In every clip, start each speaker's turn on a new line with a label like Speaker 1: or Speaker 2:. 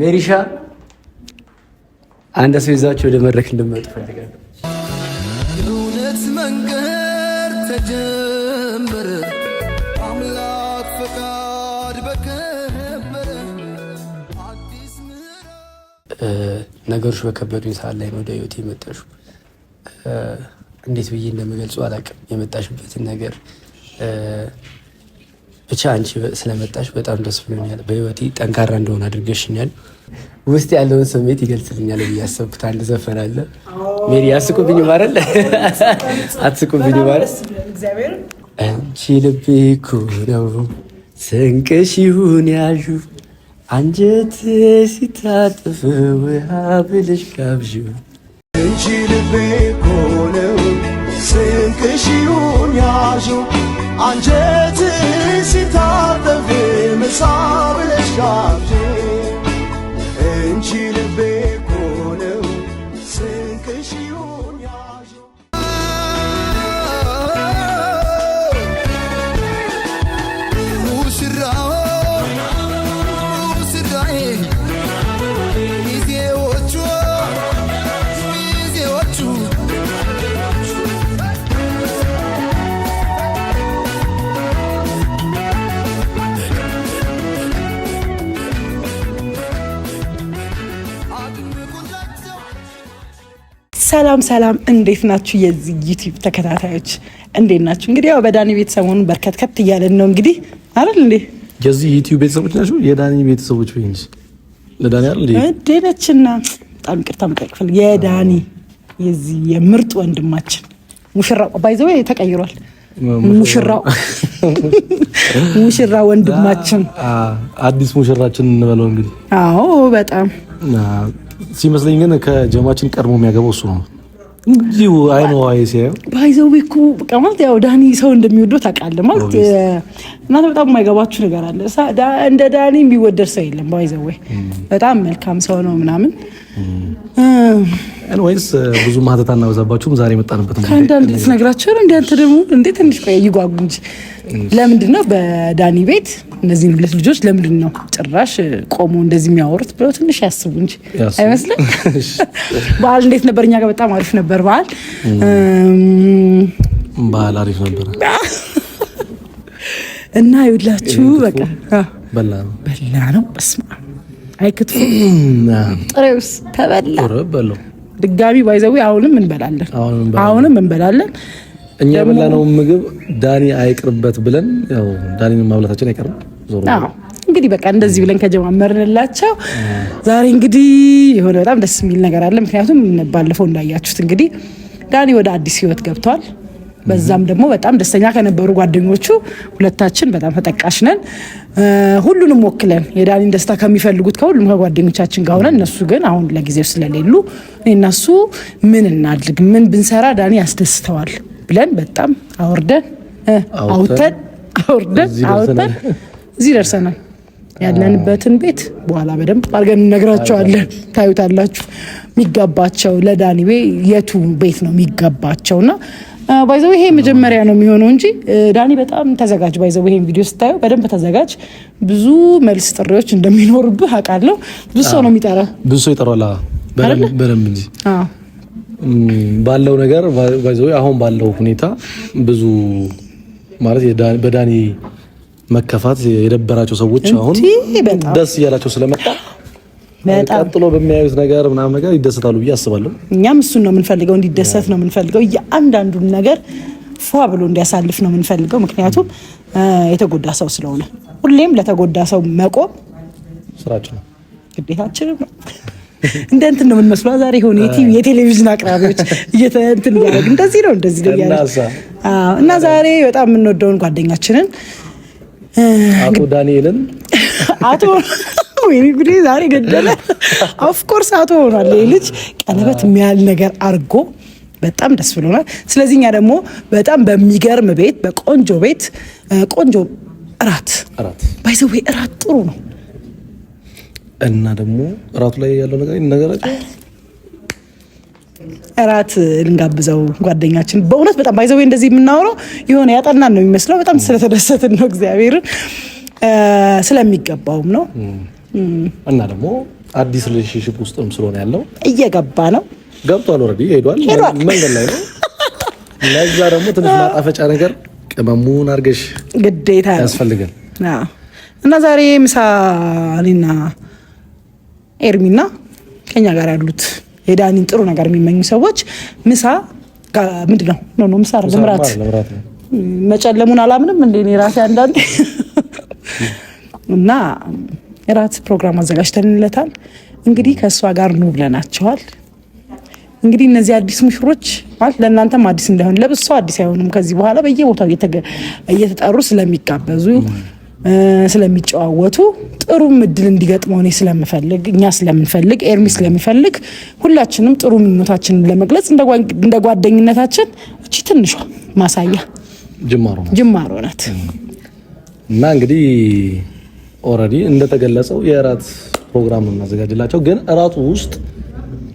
Speaker 1: ሜሪሻ አንድ ሰው ይዛችሁ ወደ መድረክ እንድመጡ ፈልጋለሁ። የእውነት መንገድ ተጀመረ፣ አምላክ ፈቃድ በከበረ አዲስ ነገሮች በከበዱኝ ሰዓት ላይ ነው ወደ ህይወት የመጣሹ። እንዴት ብዬ እንደምገልጹ አላውቅም። የመጣሽበትን ነገር ብቻ አንቺ ስለመጣሽ በጣም ደስ ብሎኛል። በህይወቴ ጠንካራ እንደሆነ አድርገሽኛል። ውስጥ ያለውን ስሜት ይገልጽልኛል ብዬ ያሰብኩት አንድ ዘፈን አለ። ሜሪ አስቁብኝ ማረል አትስቁብኝ ማረል አንቺ ልቤ እኮ ነው ስንቅሽ ይሁን ያዥ አንጀት ሲታጥፍ ውሃ ብልሽ ካብዥ አንቺ ልቤ እኮ ነው ስንቅሽ ይሁን ያዥ አንጀት
Speaker 2: ሰላም ሰላም፣ እንዴት ናችሁ የዚህ ዩቲዩብ ተከታታዮች እንዴት ናችሁ? እንግዲህ ያው በዳኒ ቤት ሰሞኑን በርከት ከት እያለን ነው። እንግዲህ አይደል እንዴ
Speaker 1: የዚህ ዩቲዩብ ቤተሰቦች ናችሁ? የዳኒ ቤተሰቦች ወይ እንጂ ለዳኒ አይደል እንዴ እንዴ
Speaker 2: ነችና፣ በጣም ይቅርታ መጠቅፈል የዳኒ የዚህ የምርጥ ወንድማችን ሙሽራው ባይዘው ተቀይሯል። ሙሽራው ሙሽራ ወንድማችን
Speaker 1: አዲስ ሙሽራችን እንበለው እንግዲህ።
Speaker 2: አዎ በጣም
Speaker 1: ሲመስለኝ ግን ከጀማችን ቀድሞ የሚያገባው እሱ ነው። እንዲሁ አይኖ ሲያዩ
Speaker 2: ባይዘው እኮ በቃ ማለት ያው ዳኒ ሰው እንደሚወደው ታውቃለህ። ማለት እናንተ በጣም የማይገባችሁ ነገር አለ። እንደ ዳኒ የሚወደድ ሰው የለም። ባይዘው hmm. በጣም መልካም ሰው ነው ምናምን
Speaker 1: hmm. ወይስ uh, ብዙ ማህተት አናበዛባችሁም? ዛሬ የመጣንበት
Speaker 2: ከአንዳንድ ትነግራቸው እንዲ አንተ ደግሞ እንዴ ትንሽ ቆይ ይጓጉ እንጂ ለምንድን ነው በዳኒ ቤት እነዚህን ሁለት ልጆች ለምንድን ነው ጭራሽ ቆሞ እንደዚህ የሚያወሩት ብለው ትንሽ ያስቡ እንጂ አይመስልም። በዓል እንዴት ነበር? እኛ ጋር በጣም አሪፍ ነበር በዓል።
Speaker 1: በዓል አሪፍ ነበር
Speaker 2: እና ይውላችሁ በቃ በላ ነው በላ ነው። በስመ አብ አይክትፉ ጥሬውስ ተበላ ድጋሚ ባይዘዊ አሁንም እንበላለን፣ አሁንም እንበላለን።
Speaker 1: እኛ የበላነውን ምግብ ዳኒ አይቅርበት ብለን ያው ዳኒን ማብላታችን አይቀርም። ዞሮ
Speaker 2: እንግዲህ በቃ እንደዚህ ብለን ከጀማመርንላቸው ዛሬ እንግዲህ የሆነ በጣም ደስ የሚል ነገር አለ። ምክንያቱም ባለፈው እንዳያችሁት እንግዲህ ዳኒ ወደ አዲስ ህይወት ገብቷል። በዛም ደግሞ በጣም ደስተኛ ከነበሩ ጓደኞቹ ሁለታችን በጣም ተጠቃሽ ነን። ሁሉንም ወክለን የዳኒን ደስታ ከሚፈልጉት ከሁሉም ከጓደኞቻችን ጋር ሆነን እነሱ ግን አሁን ለጊዜው ስለሌሉ እነሱ ምን እናድርግ፣ ምን ብንሰራ ዳኒ ያስደስተዋል ብለን በጣም አውርደን አውተን አውርደን አውተን እዚህ ደርሰናል። ያለንበትን ቤት በኋላ በደንብ አድርገን እነግራቸዋለን። ታዩታላችሁ። የሚገባቸው ለዳኒ የቱ ቤት ነው የሚገባቸውና ባይዘው ይሄ መጀመሪያ ነው የሚሆነው እንጂ ዳኒ በጣም ተዘጋጅ። ባይዘው ይሄን ቪዲዮ ስታየው በደንብ ተዘጋጅ። ብዙ መልስ ጥሪዎች እንደሚኖርብህ አውቃለሁ። ብዙ ሰው ነው የሚጠራ፣
Speaker 1: ብዙ ሰው ይጠራል። በደንብ እንጂ ባለው ነገር ባይዘው አሁን ባለው ሁኔታ ብዙ ማለት በዳኒ መከፋት የደበራቸው ሰዎች አሁን ደስ እያላቸው ስለመጣ ቀጥሎ በሚያዩት ነገር ምናምን ነገር ይደሰታሉ ብዬ አስባለሁ።
Speaker 2: እኛም እሱን ነው የምንፈልገው፣ እንዲደሰት ነው የምንፈልገው። የአንዳንዱን ነገር ፏ ብሎ እንዲያሳልፍ ነው የምንፈልገው። ምክንያቱም የተጎዳ ሰው ስለሆነ ሁሌም ለተጎዳ ሰው መቆም ስራችን ነው፣ ግዴታችንም ነው። እንደ እንትን ነው የምንመስለው። ዛሬ የሆነ የቴሌቪዥን አቅራቢዎች እየተንትን እያደረግ እንደዚህ ነው እንደዚህ ነው እና ዛሬ በጣም የምንወደውን ጓደኛችንን
Speaker 1: አቶ ዳንኤልን
Speaker 2: አቶ ወይኔ ጉዴ ዛሬ ገደለ። ኦፍኮርስ አቶ ሆኗል ልጅ ቀለበት የሚያህል ነገር አድርጎ በጣም ደስ ብሎናል። ስለዚህ እኛ ደግሞ በጣም በሚገርም ቤት በቆንጆ ቤት ቆንጆ እራት ባይዘዌ እራት ጥሩ ነው
Speaker 1: እና ደግሞ እራቱ ላይ ያለው ነገር ነገራቸው
Speaker 2: እራት ልንጋብዘው ጓደኛችን በእውነት በጣም ባይዘዌ እንደዚህ የምናወራው የሆነ ያጠናን ነው የሚመስለው። በጣም ስለተደሰትን ነው እግዚአብሔርን ስለሚገባውም ነው።
Speaker 1: እና ደግሞ አዲስ ሪሌሽንሽፕ ውስጥም ስለሆነ ያለው
Speaker 2: እየገባ ነው።
Speaker 1: ገብቷል፣ ኦልሬዲ ሄዷል፣ መንገድ ላይ ነው። ለዛ ደግሞ ትንሽ ማጣፈጫ ነገር ቅመሙን አድርገሽ ግዴታ ያስፈልጋል።
Speaker 2: እና ዛሬ ምሳ እኔና ኤርሚና ከኛ ጋር ያሉት የዳኒን ጥሩ ነገር የሚመኙ ሰዎች ምሳ ምንድን ነው? ኖ ምሳ ለምራት መጨለሙን አላምንም እንደ እኔ ራሴ አንዳንዴ እና እራት ፕሮግራም አዘጋጅተንለታል። እንግዲህ ከእሷ ጋር ኑ ብለናቸዋል። እንግዲህ እነዚህ አዲስ ሙሽሮች ማለት ለእናንተም አዲስ እንዳይሆን ለብሶ አዲስ አይሆኑም። ከዚህ በኋላ በየቦታው እየተጠሩ ስለሚጋበዙ ስለሚጨዋወቱ ጥሩ ምድል እንዲገጥመው እኔ ስለምፈልግ እኛ ስለምንፈልግ ኤርሚ ስለሚፈልግ ሁላችንም ጥሩ ምኞታችንን ለመግለጽ እንደ ጓደኝነታችን እቺ ትንሿ ማሳያ ጅማሮ ናት
Speaker 1: እና እንግዲህ ኦልሬዲ እንደተገለጸው የእራት ፕሮግራም እናዘጋጅላቸው፣ ግን እራቱ ውስጥ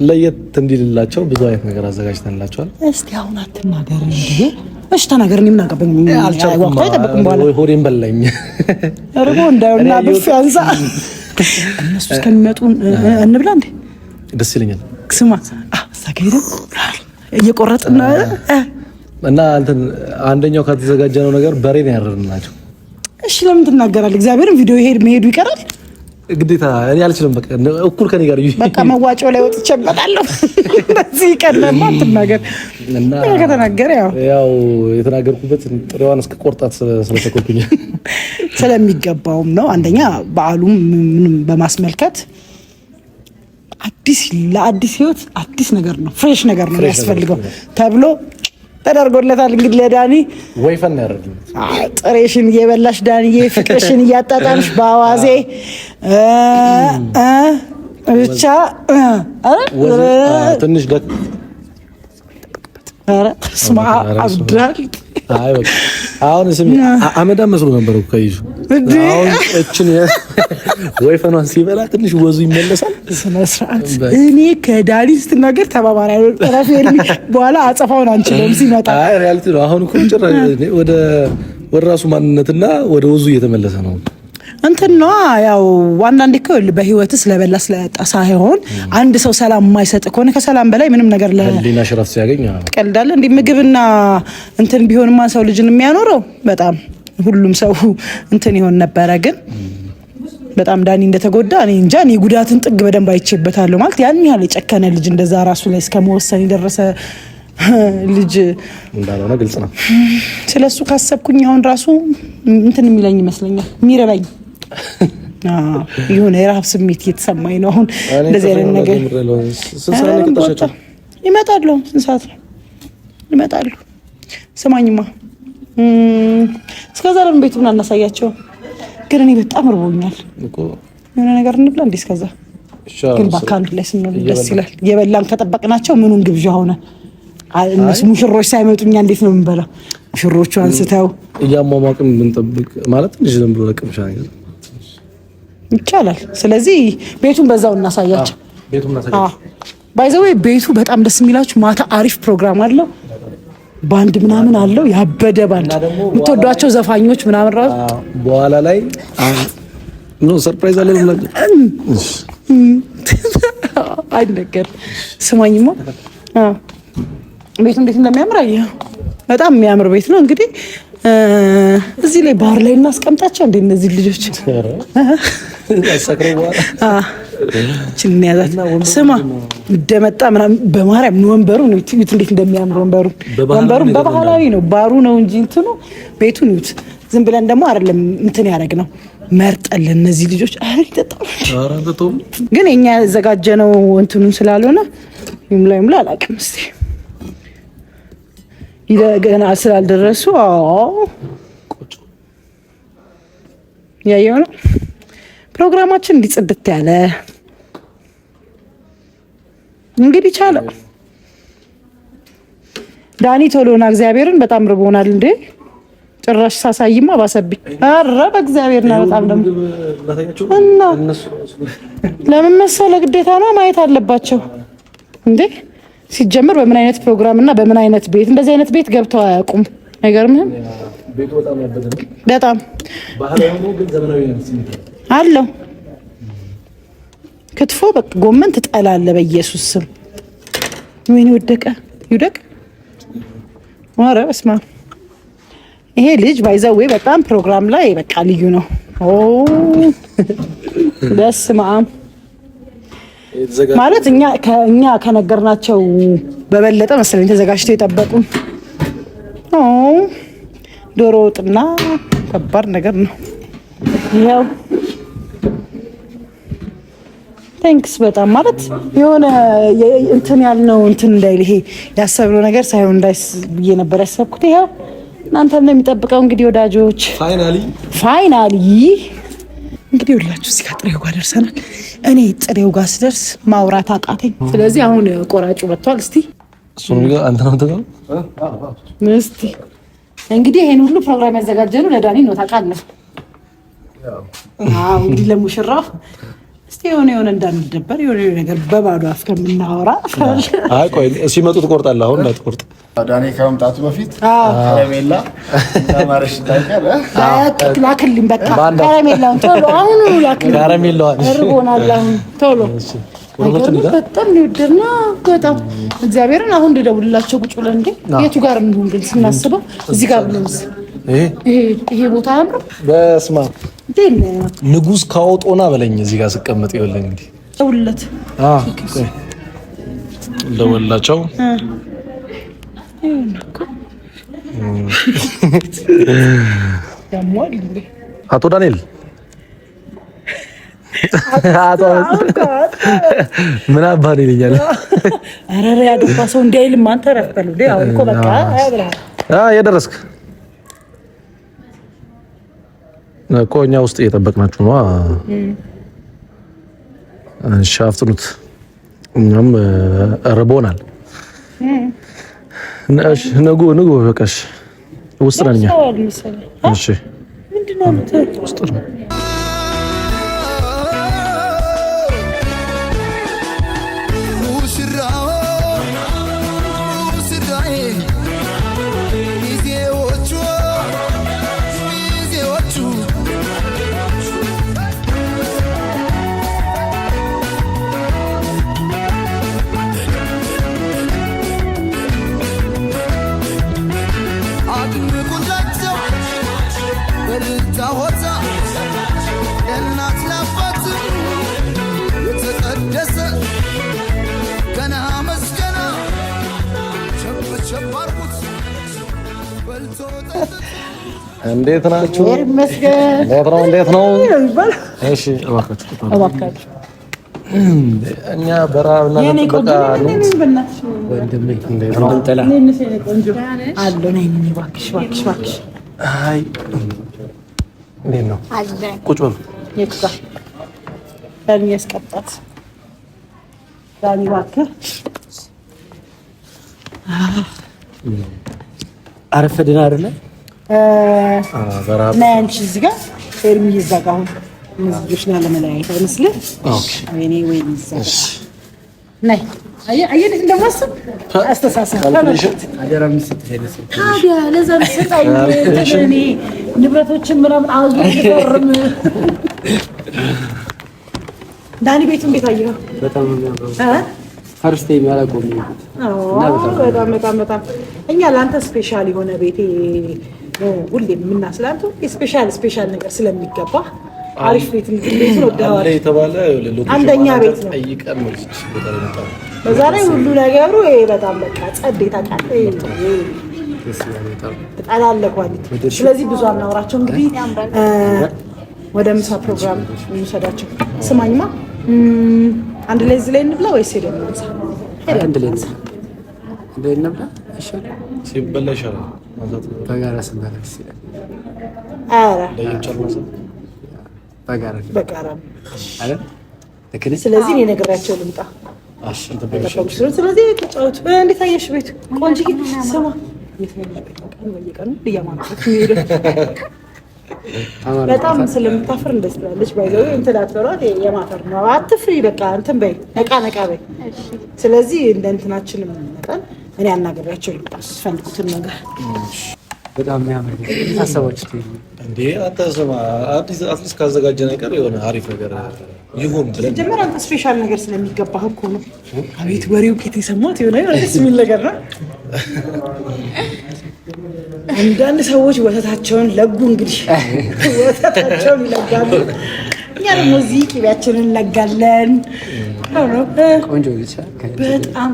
Speaker 1: ለየት እንዲልላቸው ብዙ አይነት ነገር አዘጋጅተንላቸዋል።
Speaker 2: እስቲ አሁን አትናገር እንዴ! እሺ ተናገር። እኔ ምን አቀበኝ? አልቻልኩም።
Speaker 1: በኋላ ወይ ሆዴን በላኝ።
Speaker 2: ርቦ እንዳይሆንና ብፍ ያንሳ። እነሱ እስከሚመጡ እንብላ እንዴ? ደስ ይለኛል። ስማ እዛ ከሄደን
Speaker 1: እና አንተን አንደኛው ከተዘጋጀነው ነገር በሬ ነው ያረድናቸው
Speaker 2: እሺ ለምን ትናገራለህ? እግዚአብሔርን ቪዲዮ ይሄድ መሄዱ ይቀራል።
Speaker 1: ግዴታ እኔ አልችልም። በቃ እኩል ከኔ ጋር
Speaker 2: በቃ መዋጮ ላይ ወጥቼ እመጣለሁ። በዚህ ይቀርማ አትናገር እና ከተናገረ ያው
Speaker 1: ያው የተናገርኩበት ጥሬዋን እስከ ቆርጣት ስለተቆጡኝ
Speaker 2: ስለሚገባውም ነው። አንደኛ በዓሉም ምንም በማስመልከት አዲስ ለአዲስ ህይወት አዲስ ነገር ነው፣ ፍሬሽ ነገር ነው የሚያስፈልገው ተብሎ ተደርጎለታል። እንግዲህ ለዳኒ
Speaker 1: ወይ ፈን ያደርግልኝ።
Speaker 2: ጥሬሽን እየበላሽ ዳኒዬ፣ ፍቅርሽን እያጣጣምሽ በአዋዜ ብቻ
Speaker 1: ትንሽ አሁን ስሚ አመዳም መስሎ ነበር እኮ አሁን እችን ወይፈኗን ሲበላ ትንሽ ወዙ ይመለሳል። ስነ
Speaker 2: ስርዓት እኔ ከዳኒ ስትናገር ተባባሪ ጠራፊ በኋላ አጸፋውን አንችልም ሲመጣ
Speaker 1: ሪያሊቲ ነው። አሁን እኮ ጭራሽ ወደ ራሱ ማንነትና ወደ ወዙ እየተመለሰ ነው።
Speaker 2: እንትና ያው አንዳንዴ እኮ በህይወት ስለበላ ስለጠጣ ሳይሆን አንድ ሰው ሰላም የማይሰጥ ከሆነ ከሰላም በላይ ምንም ነገር
Speaker 1: ለሊና ሽረፍ ሲያገኝ
Speaker 2: ትቀልዳለህ። እንዲህ ምግብና እንትን ቢሆን ማን ሰው ልጅን የሚያኖረው በጣም ሁሉም ሰው እንትን ይሆን ነበረ። ግን በጣም ዳኒ እንደተጎዳ እኔ እንጃ። እኔ ጉዳትን ጥግ በደንብ አይቼበታለሁ። ማለት ያን ያህል የጨከነ ልጅ እንደዛ ራሱ ላይ እስከ መወሰን የደረሰ ልጅ
Speaker 1: እንዳልሆነ ግልጽ ነው።
Speaker 2: ስለሱ ካሰብኩኝ አሁን ራሱ እንትን የሚለኝ ይመስለኛል የሚረበኝ የሆነ የረሀብ ስሜት እየተሰማኝ ነው አሁን። እንደዚህ አይነት ነገር ይመጣሉ። ስንት ሰዓት ነው ይመጣሉ? ስማኝማ እስከዛ ለምን ቤት ምን አናሳያቸው። ግን እኔ በጣም እርቦኛል። የሆነ ነገር እንብላ እንዴ? እስከዛ ግን በአካንድ ላይ ስንሆን ደስ ይላል። የበላን ከጠበቅናቸው ምኑን ግብዣ ሆነ። እነሱ ሙሽሮች ሳይመጡ እኛ እንዴት ነው የምንበላው? ሙሽሮቹ አንስተው
Speaker 1: እያሟሟቅን ብንጠብቅ ማለት ልጅ ዘንብሎ ለቅምሻ ነገር
Speaker 2: ይቻላል። ስለዚህ ቤቱን በዛው እናሳያቸው። ባይዘዌ ቤቱ በጣም ደስ የሚላችሁ ማታ አሪፍ ፕሮግራም አለው። ባንድ ምናምን አለው ያበደ ባንድ የምትወዷቸው ዘፋኞች ምናምን ራሱ
Speaker 1: በኋላ ላይ ኖ ሰርፕራይዝ አለ
Speaker 2: አይነገር። ስማኝማ ቤቱ እንዴት እንደሚያምር አየህ። በጣም የሚያምር ቤት ነው እንግዲህ እዚህ ላይ ባህር ላይ እናስቀምጣቸው እንዴ? እነዚህ ልጆች
Speaker 1: ያዛት
Speaker 2: ስማ እንደመጣ ምናምን በማርያም ወንበሩ ነው እንዴት እንደሚያምር ወንበሩ ወንበሩ በባህላዊ ነው ባሩ ነው እንጂ እንትኑ ቤቱን ዩት ዝም ብለን ደግሞ አይደለም እንትን ያደረግ ነው መርጠል እነዚህ ልጆች ግን የኛ ያዘጋጀነው እንትኑን ስላልሆነ ይምላ ይምላ አላውቅም እስኪ ገና ስላልደረሱ ያየው ነው ፕሮግራማችን እንዲጽድት ያለ እንግዲህ ቻለው። ዳኒ ቶሎና እግዚአብሔርን በጣም ርቦናል እንዴ! ጭራሽ ሳሳይማ ባሰብኝ። አረ በእግዚአብሔር ነው በጣም ደም እና ለምን መሰለ ግዴታ ነው ማየት አለባቸው እንዴ ሲጀምር በምን አይነት ፕሮግራም እና በምን አይነት ቤት እንደዚህ አይነት ቤት ገብተው አያውቁም። አይገርምህም? በጣም አለው ክትፎ ጎመን ትጠላለህ። በኢየሱስ ስም ወይኔ ወደቀ ይውደቅ። ኧረ በስመ አብ ይሄ ልጅ ወይ በጣም ፕሮግራም ላይ በቃ ልዩ ነው። ኦ ደስ ማም ማለት እኛ ከእኛ ከነገርናቸው በበለጠ መሰለኝ ተዘጋጅተው የጠበቁን። ዶሮ ወጥና ከባድ ነገር ነው። ይኸው ቴንክስ በጣም ማለት የሆነ እንትን ያልነው እንትን እንዳይል ይሄ ያሰብነው ነገር ሳይሆን እንዳይስ ብዬ ነበር ያሰብኩት። ይኸው እናንተም ነው የሚጠብቀው እንግዲህ ወዳጆች ፋይናሊ ፋይናሊ እንግዲህ ሁላችሁ እዚህ ጋር ጥሬው ጋር ደርሰናል። እኔ ጥሬው ጋር ስደርስ ማውራት አቃተኝ። ስለዚህ አሁን ቆራጩ መጥቷል። እስቲ እንግዲህ ይሄን ሁሉ ፕሮግራም ያዘጋጀነው ለዳኒ ነው። ታውቃለህ እንግዲህ ለሙሽራው እስቲ የሆነ የሆነ እንዳንደበር የሆነ ነገር በባዶ አፍ ከምናወራ
Speaker 1: ሲመጡ ትቆርጣለህ። አሁን እንዳትቆርጥ ዳኔ ከመምጣቱ በፊት ከረሜላ ማረሽ
Speaker 2: ላክልኝ። በቃ ከረሜላውን ቶሎ አሁኑ ላክልኝ፣ እርቦናል። ቶሎ በጣም ሊወደድና በጣም እግዚአብሔርን አሁን ልደውልላቸው ቁጭ ብለን እንዴ የቱ ጋር እንሁን ግን ስናስበው እዚህ ጋር ብሎ ምስል ይሄ ቦታ አያምርም።
Speaker 1: በስማ አብ ንጉሥ ካወጦና በለኝ። እዚህ ጋር ስቀምጥ ይወለ
Speaker 2: እንግዲህ ደውልለት
Speaker 1: ደውልላቸው አቶ ዳንኤል ምን አባል ይለኛል።
Speaker 2: ኧረ ያገባ ሰው እንዲህ አይልም። አንተ ረፍ በለው። አሁን እኮ በቃ
Speaker 1: የደረስክ እኮ እኛ ውስጥ እየጠበቅናችሁ ነው። እሺ አፍጥኑት፣ እኛም እርቦናል። እሺ ንጉ ንጉ፣ በቃ ውስጥ ነን እኛ። እሺ ምንድን ነው ውስጥ ነው እንዴት ናችሁ? እንዴት ነው? እንዴት ነው? እሺ፣ እኛ በረሀብ አረፈድን አይደለ?
Speaker 2: ናያንቺ እዚህ ጋር ኤርሚ ይዛጋ አሁን ምዝግሽ ና ለመለያየት አይመስልም? ወይኔ ወይኔ ይዛጋ ናይ ንብረቶችን ምናምን አዙ ርም ዳኒ ቤቱ እንዴት አየኸው? ፈርስት በጣም በጣም በጣም እኛ ለአንተ ስፔሻል የሆነ ቤቴ ነው ሁሌ የምናስላለው ስፔሻል ስፔሻል ነገር ስለሚገባ አሪፍ ቤት የተባለ አንደኛ ቤት ነው። በዛ ላይ ሁሉ ነገሩ በጣም በቃ ጸድ የታቃለ ኳሊቲ። ስለዚህ ብዙ አናወራቸው። እንግዲህ ወደ ምሳ ፕሮግራም እንውሰዳቸው። ስማኝማ አንድ ላይ እዚህ ላይ እንብላ ወይስ ሄደን
Speaker 1: እንብላ? ሄደን እንብላ ይሻላል። ሲበላ ይሻላል። በጋራ ስንበላ ይሻላል።
Speaker 2: ስለዚህ እኔ ነገራቸው ልምጣ። ስለዚህ ተጫወቱ። እንዴት አየሽ? ቤቱ ቆንጆ ስማ በጣም ስለምታፍር እንደዚህ ትላለች። ባይዘው እንትላተሯት የማፈር ነው። አትፍሪ፣ በቃ እንትን በይ፣ ነቃ ነቃ በይ። ስለዚህ እንደ እንትናችን መጠን እኔ አናገራቸው ስፈልጉትን ነገር
Speaker 1: በጣም የሚያምር ታሰባችሁ እንዴ? አዲስ አትሊስት ካዘጋጀ ነገር የሆነ አሪፍ ነገር ይሁን ብለን
Speaker 2: ጀመር። አንተ ስፔሻል ነገር ስለሚገባህ እኮ ነው። አቤት ወሬው ኬት የሰማት የሆነ ደስ የሚል ነገር ነው። አንዳንድ ሰዎች ወተታቸውን ለጉ፣ እንግዲህ ወተታቸውን ይለጋሉ። እኛ ደግሞ እዚህ ቅቤያችንን እንለጋለን። ቆንጆ በጣም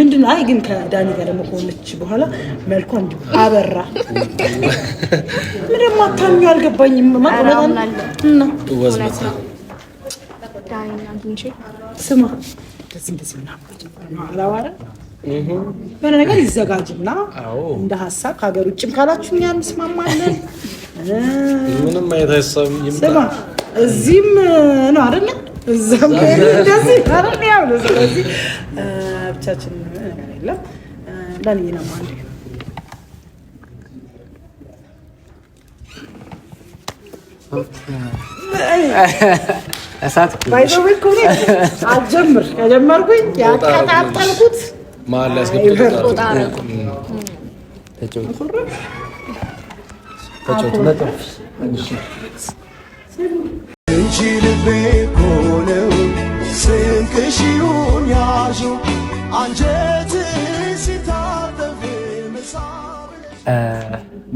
Speaker 2: ምንድን አይ ግን ከዳኒ ጋር ደግሞ ከሆነች በኋላ መልኳ እንዲ አበራ። ምንም አታሚው አልገባኝም። ስማ የሆነ ነገር ይዘጋጅና እንደ ሀሳብ ከሀገር ውጭም ካላችሁ እኛ እንስማማለን።
Speaker 1: ምንም አይነት ሀሳብ
Speaker 2: ስማ፣ እዚህም ነው አይደለ? እዛም እንደዚህ አይደል? ያው ስለዚህ ብቻችን የለም ላልዬ ነው አንዴ እሳት አልጀምር ከጀመርኩኝ ያቀጣጠልኩት
Speaker 1: መሀል ልቤ እኮ ነው ስንቅሽ ይሁን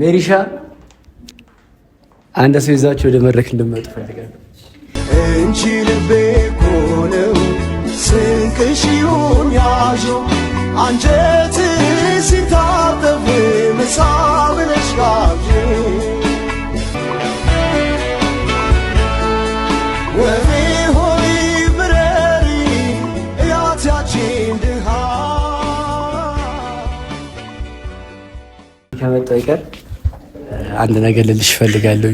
Speaker 1: ሜሪሻ አንድ ሰው ይዛችሁ ወደ መድረክ እንድመጡ ፈልጋለሁ። እንቺ ልቤ ኮነው ስንቅሽ ይሁን ያዥ አንጀት ሲታጠፍ መሳብነሽ ጋብዥ ከመጣ ይቀር አንድ ነገር ልልሽ እፈልጋለሁ።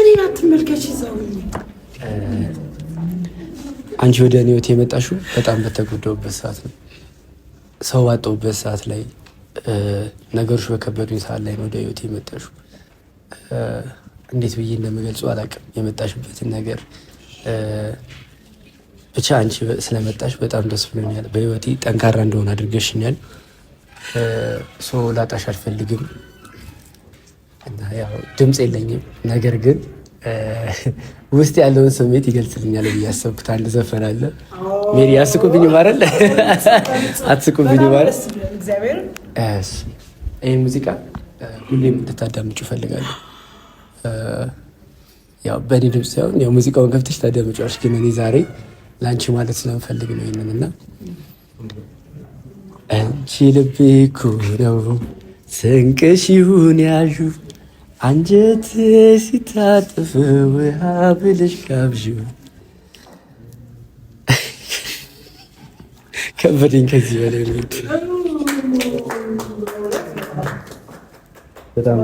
Speaker 2: እኔን አትመልከች ይዘው
Speaker 1: አንቺ ወደ እኔ ህይወት የመጣሽው በጣም በተጎዳሁበት ሰዓት ነው። ሰው ባጣሁበት ሰዓት ላይ ነገሮች በከበዱኝ ሰዓት ላይ ነው ወደ ህይወት የመጣሽው። እንዴት ብዬ እንደምገልጹ አላውቅም የመጣሽበትን ነገር ብቻ አንቺ ስለመጣሽ በጣም ደስ ብሎኛል። በህይወቴ ጠንካራ እንደሆነ አድርገሽኛል። ሰው ላጣሽ አልፈልግም እና ያው ድምፅ የለኝም፣ ነገር ግን ውስጥ ያለውን ስሜት ይገልጽልኛል ብዬ ያሰብኩት አንድ ዘፈን አለ። ሜሪ አስቁብኝ ማረል አትስቁብኝ ማለት ይህ ሙዚቃ ሁሌም እንድታዳምጩ እፈልጋለሁ። ያው በእኔ ድምፅ ሳይሆን ያው ሙዚቃውን ገብተሽ ታዳምጫዋለሽ፣ ግን እኔ ዛሬ ለአንቺ ማለት ስለምፈልግ ነው ይህንን እና አንቺ ልቤ እኮ ነው ስንቅሽ ይሁን ያዡ አንጀት ሲታጥፍ ውሃ ብልሽ ጋብዥ። ከበደኝ ከዚህ በላይ ልድ በጣም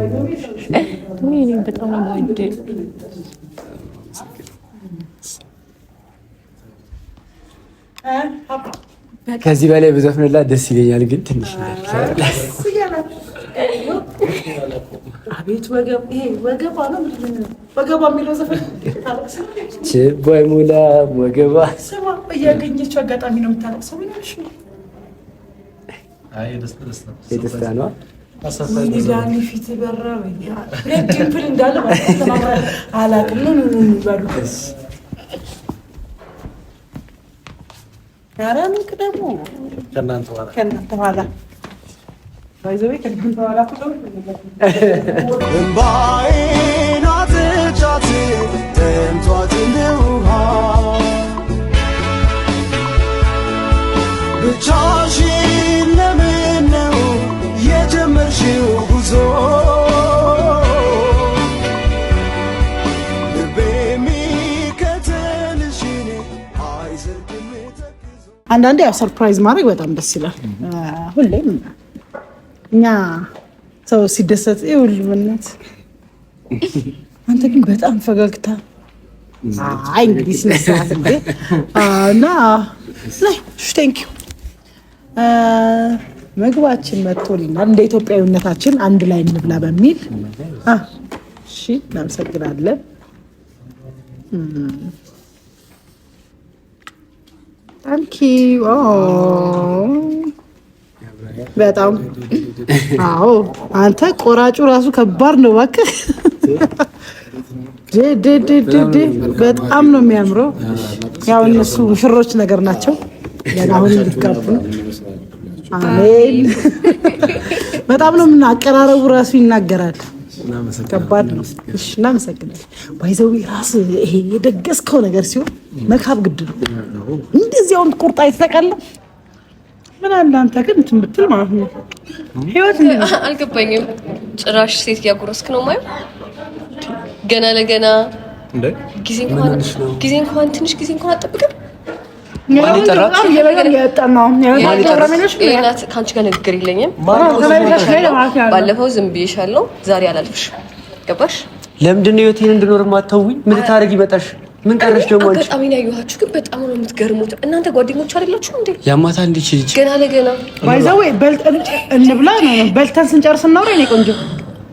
Speaker 1: ከዚህ በላይ ብዘፍንላት ደስ ይለኛል፣ ግን ትንሽ
Speaker 2: አቤት ወገባ
Speaker 1: ችቦይ ሙላ ወገባ
Speaker 2: እያገኘችው አጋጣሚ ነው የምታለቅሰው። የደስታ ነው ፊት በራ እንዳለ ማለት ባሉ ኧረ ምንክ ደግሞ ከእናንተ ኋላ እምባዬን አጥቻት ጠምቷት ውሃ ብቻ አንዳንዴ ያው ሰርፕራይዝ ማድረግ በጣም ደስ ይላል። ሁሌም እኛ ሰው ሲደሰት ይውልብነት አንተ ግን በጣም ፈገግታ አይ እንግዲህ ስነስርዓት እና ቴንኪው ምግባችን መጥቶልናል። እንደ ኢትዮጵያዊነታችን አንድ ላይ እንብላ በሚል እሺ እናመሰግናለን። ታንኪው oh. በጣም አዎ። አንተ ቆራጩ ራሱ ከባድ ነው እባክህ። በጣም ነው የሚያምረው። ያው እነሱ ሙሽሮች ነገር ናቸው። አሁን ሊጋቡ ነው። አሜን። በጣም ነው አቀራረቡ ራሱ ይናገራል። ከባድ ነው። እናመሰግናለን። ባይዘው ራስ ይሄ የደገስከው ነገር ሲሆን መካብ ግድ ነው። እንደዚያውን ቁርጣ የተጠቃለ ምን አለ አንተ ግን እንትን ብትል ማለት ነው። ህይወት
Speaker 3: አልገባኝም። ጭራሽ ሴት እያጎረስክ ነው ማየው ገና ለገና ጊዜ እንኳን ትንሽ ጊዜ እንኳን አጠብቅም
Speaker 2: ከአንቺ
Speaker 3: ጋር ንግግር የለኝም። ባለፈው ዝም ብዬሻለሁ፣ ዛሬ አላልፍሽ። ገባሽ?
Speaker 1: ለምንድን ነው ህይወቴን እንድኖር ማተውኝ? ምን ታደርጊ መጣሽ? ምን ቀረሽ ደግሞ
Speaker 3: አጋጣሚ ነው ያየኋችሁ፣ ግን በጣም ነው የምትገርሙት። እናንተ ጓደኞች አይደላችሁ
Speaker 1: እንዴ? ያማታ እንዲች
Speaker 3: ልጅ ገና ለገና
Speaker 2: ባይዛው በልተን እንብላ ነው በልተን ስንጨርስ እናውራ ነው ቆንጆ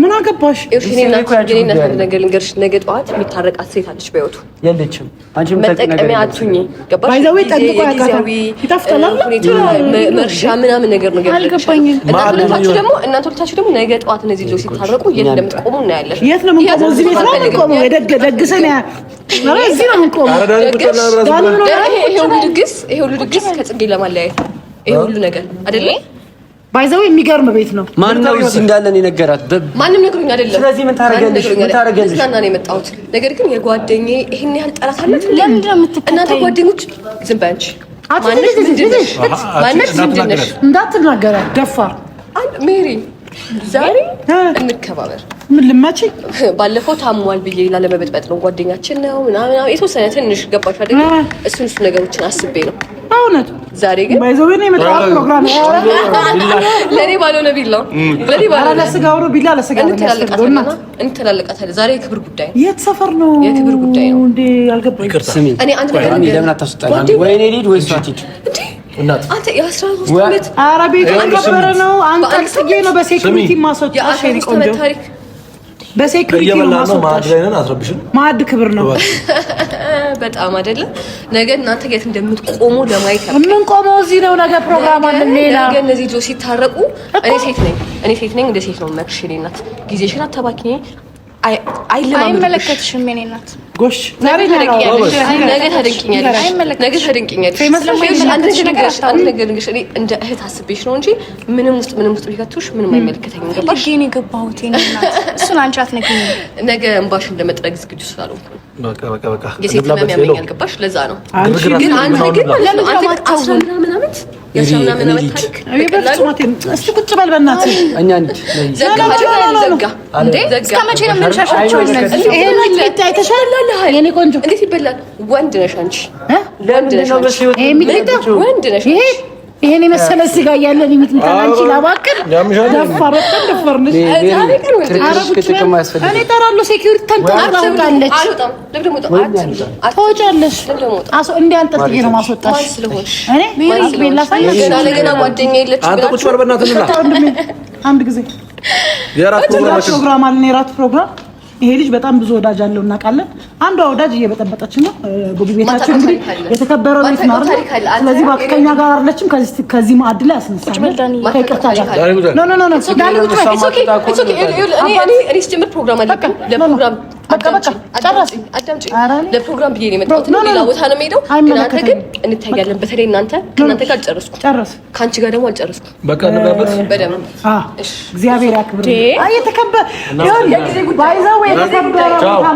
Speaker 2: ምን አገባሽ?
Speaker 3: ነገር ልንገርሽ፣ ነገ ጠዋት የሚታረቃት ሴት አለች።
Speaker 1: በህይወቱ የለችም።
Speaker 3: መጠቀሚያ አትሁኝ። ገባሽ? መርሻ ምናምን ነገር ነው። ደግሞ እናንተ ሁለታችሁ ደግሞ ነገ ጠዋት እነዚህ ልጆች ሲታረቁ የት እንደምትቆሙ
Speaker 2: እናያለን። የት ነው የምንቆመው? እዚህ ቤት ነው የምንቆመው። ደግሰን እዚህ ነው የምንቆመው።
Speaker 3: ይሄ ሁሉ ድግስ ከጽጌ ለማለያየት ይሄ ሁሉ ነገር አይደለ?
Speaker 2: ባይዘው የሚገርም ቤት ነው።
Speaker 1: ማን ነው እዚህ እንዳለን የነገራት?
Speaker 3: ማንም ነግሮኝ አይደለም።
Speaker 1: ስለዚህ ምን ታረጋለሽ? ምን
Speaker 3: ታረጋለሽ? እና ነው የመጣሁት። ነገር ግን የጓደኛዬ ይሄን ያህል ጠላት አላት። ለምንድን ነው የምትከታተይ? እናንተ ጓደኞች ዝም በይ አንቺ።
Speaker 2: ማነሽ? ምንድን ነሽ? ማነሽ? ምንድን ነሽ? እንዳትናገራት ደፋር
Speaker 3: ሜሪ ዛሬ እንከባበር። ምን ልማች? ባለፈው ታሟል ብዬ ላለመበጥበጥ ነው ጓደኛችን ነው ምናምን የተወሰነ ትንሽ ገባች አይደል? እሱን እሱ ነገሮችን አስቤ ነው በእውነቱ ዛሬ ግን ባይዘወኔ የመጣው ፕሮግራም ለእኔ ባልሆነ
Speaker 2: ቢላ ለስጋው ነው ቢላ ለስጋው
Speaker 3: እንተላለቃታለን። ዛሬ የክብር ጉዳይ
Speaker 2: ነው። የት ሰፈር ነው? የክብር ጉዳይ ነው እንዴ?
Speaker 1: አልገባኝም። እኔ አንድ ነገር ለምን አታስወጣኝ? ወይ እኔ ልሂድ ወይ እሷ ትሂድ።
Speaker 3: አንተ የአስራ ሦስት
Speaker 2: ዓመት ኧረ ቤቱ ተከበረ ነው። አንቀልጽጌ ነው በሴኩሪቲ ማስወጣት ታሪክ ማዕድ ክብር ነው
Speaker 3: በጣም አይደለም። ነገ እናንተ የት እንደምትቆሙ
Speaker 2: ለማየት የምንቆመው እዚህ ነው። ነገ ፕሮግራም አለ። ነገ
Speaker 3: እነዚህ ልጆች ሲታረቁ እኔ ሴት ነኝ፣ እኔ ሴት ነኝ፣ እንደ ሴት ነው የምነግርሽ። እኔ እናት ጊዜሽን አታባክኝ።
Speaker 2: አይመለከትሽም የእኔ እናት
Speaker 1: ጎሽ ዛሬ
Speaker 3: ታደንቅኛለሽ፣ ነው እንጂ ምንም ውስጥ ምንም ውስጥ ቢከቱሽ ምንም አይመለከተኝም።
Speaker 2: ገባሽ? የገባሁት እሱን አንቺ አትነግሪኝም።
Speaker 3: ነገ እንባሽ ለመጥረግ ዝግጁ ስላልሆንኩ
Speaker 1: የሴት ህመም ይበላል። የኔ ቆንጆ እንዴት ይበላል? ወንድ ነሽ አንቺ። ወንድ ነሽ አንቺ። ወንድ ነሽ ይሄ ይሄን የመሰለ ስጋ እያለን የሚት ላባክን ደፋር በጣም እኔ እጠራለሁ ሴኪሪቲን ታውቃለች። ተወጫለሽ እንደ አንጠልጥዬ ነው ማስወጣሽ። እኔ አንድ ጊዜ የራት ፕሮግራም አለን የራት ፕሮግራም ይሄ ልጅ በጣም ብዙ ወዳጅ አለው እናውቃለን። አንዷ ወዳጅ እየበጠበጠች ነው። ጉቢ ቤታችን እንግዲህ የተከበረው ቤት ነው አይደል? ስለዚህ እባክህ ከእኛ ጋር አይደለችም። ከዚህ ማዕድ ላይ አስነሳል። ከይቅርታ ጋር ኖ ኖ ኖ ኖ ኖ ኖ ኖ ኖ ኖ ኖ ኖ ኖ ኖ ኖ ኖ በቃ ለፕሮግራም ብዬሽ ነው የመጣሁት። ሌላ ቦታ ነው የምሄደው። እናንተ ግን እንታያለን። በተለይ እናንተ ከእናንተ ጋር አልጨረስኩም፣ ከአንቺ ጋር ደግሞ አልጨረስኩም። በቃ እንባበት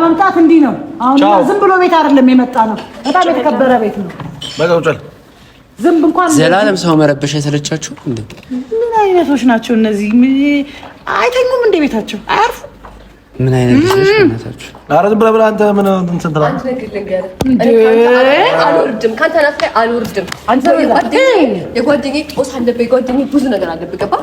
Speaker 1: መምጣት እንዲህ ነው። አሁን ዝም ብሎ ቤት አይደለም የመጣ ነው። በጣም የተከበረ ቤት ነው። ዝም እንኳን ዘላለም ሰው መረበሻ የተለቻችሁ ምን አይነቶች ናቸው እነዚህ? አይተኙም እንደ ቤታቸው አያርፉ ምን አይነት ጊዜሽ እናታችሁ? ኧረ ዝም ብለህ አንተ ምን እንትን ትላለህ? አልወርድም፣ ከአንተ ናት ላይ አንተ የጓደኛዬ ጦስ አለብህ፣ የጓደኛዬ ብዙ ነገር አለብህ። ገባህ?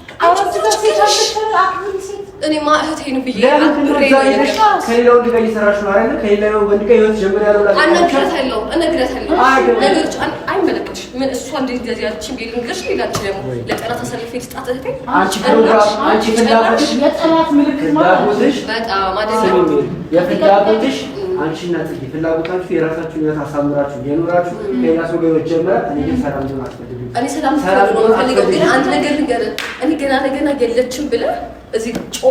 Speaker 1: Ama siz de sıcaklıkları aklınızı እኔ ማህቴን ብዬ ከሌላ ወንድ ጋር እየሰራሽ ነው አይደል? ከሌላ ወንድ ጋር ህይወት ጀምር ያለው እነግረታለሁ፣ እነግረታለሁ ነገሮች አይመለከትሽ። ምን እሷ እንዴት እንደዚህ ያለችን ቤል ንገርሽ። ሌላ አንቺ ደግሞ ለጠላት አሳልፌ ልስጣት እህቴ። አንቺ አንቺ ፍላጎትሽ የጠላት ምልክት ፍላጎትሽ በጣም አይደለም የፍላጎትሽ አንቺ እና ጽጌ ፍላጎታችሁ የራሳችሁን ህይወት አሳምራችሁ የኖራችሁ ከሌላ ሰው ጋር ህይወት ጀምራ። እኔ ግን ሰላም ነው አትፈልግም። እኔ ሰላም ነው ፈልገው። ግን አንድ ነገር ልንገርህ፣ እኔ ገና ለገና የለችም ብለህ እዚህ ጮ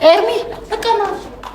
Speaker 1: Ermi, acá no.